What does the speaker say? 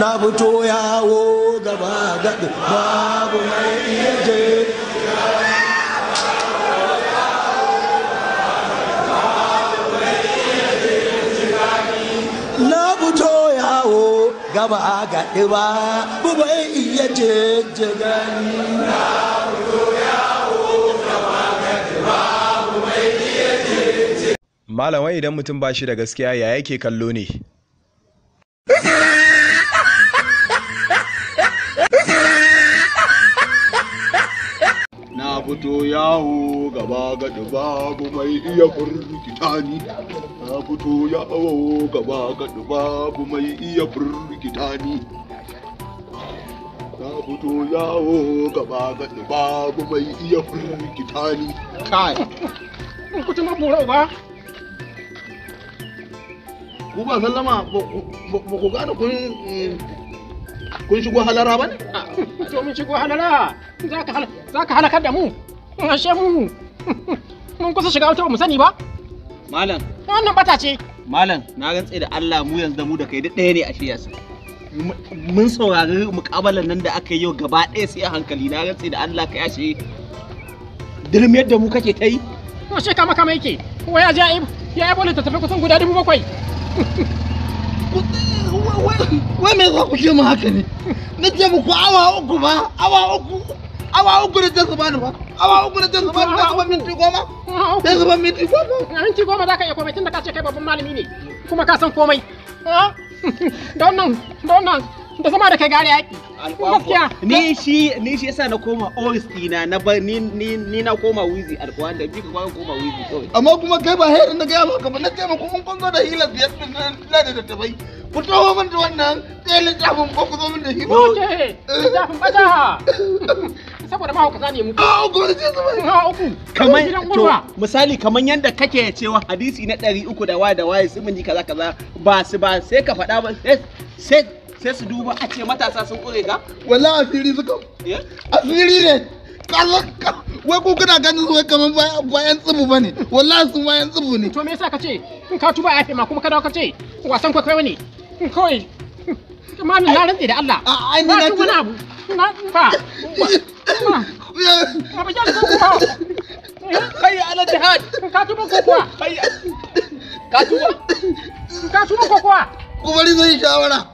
na fito yawo gaba gaɗi babu mai iya je na fito yawo gaba gaɗi babu mai iya je gani. na fito yawo gaba gaɗi babu mai iya je malamai idan mutum ba shi da gaskiya ya yake kallo ne fito yawo gaba gadi babu mai iya firgita ni na fito yawo gaba gadi babu mai iya firgita ni na fito yawo gaba gadi babu mai iya firgita ni kai ku ba ku ba sallama ba ku gane kun mm, kun shigo halara ba ne? Ah, to mun shigo halara za ka halakar da mu, ashe mu mun kusa shiga wata mu sani ba? Malam. Wannan bata ce. Malam na rantse da Allah mu yanzu da mu da kai duk ɗaya ne a shiyasa. Mun saurari mukabalan nan da aka yi yau gaba ɗaya sai a hankali na rantse da Allah ka yashe dirm yadda mu kake ta yi. Ashe kama kama yake, wai ya ji ya yi bolita tafi kusan guda dubu bakwai. wai me za ku ce mu haka ne na ce muku awa uku ba awa uku awa uku da bani ba awa uku da bani minti goma da minti goma minti goma za ka iya komai tun da ka ce kai babban malami ne kuma ka san komai da wannan da sama da kai gare yaki gaskiya ni shi ni shi yasa na koma oils dina na ba ni ni na koma wizi alƙawarin da bi ka koma wizi kawai amma kuma kai ba hairin da gaya maka na taimako kun kun zo da hila biyar na da tattabai ku taho min da wannan tsaye littafin ko ku zo min da shi ba ke littafin bada saboda ma hauka zane mu a uku da ce zuwa a uku kamar to misali kamar yanda kake cewa hadisi na da uku da wa da mun ji kaza kaza ba su ba sai ka faɗa ba sai sai su duba a ce matasa sun kure ga wala asiri suka eh? ne wai ganin kamar bayan tsibu su bayan tsibu ne to me yasa in ka tuba yafe ma kuma ka dawo ne kawai kamar na rantsi da Allah a ai ni na na ba ko ba kai eh? ala jihad ka tuba ko kuwa kai ka tuba ka tuba ko kuwa ku bari zai shawara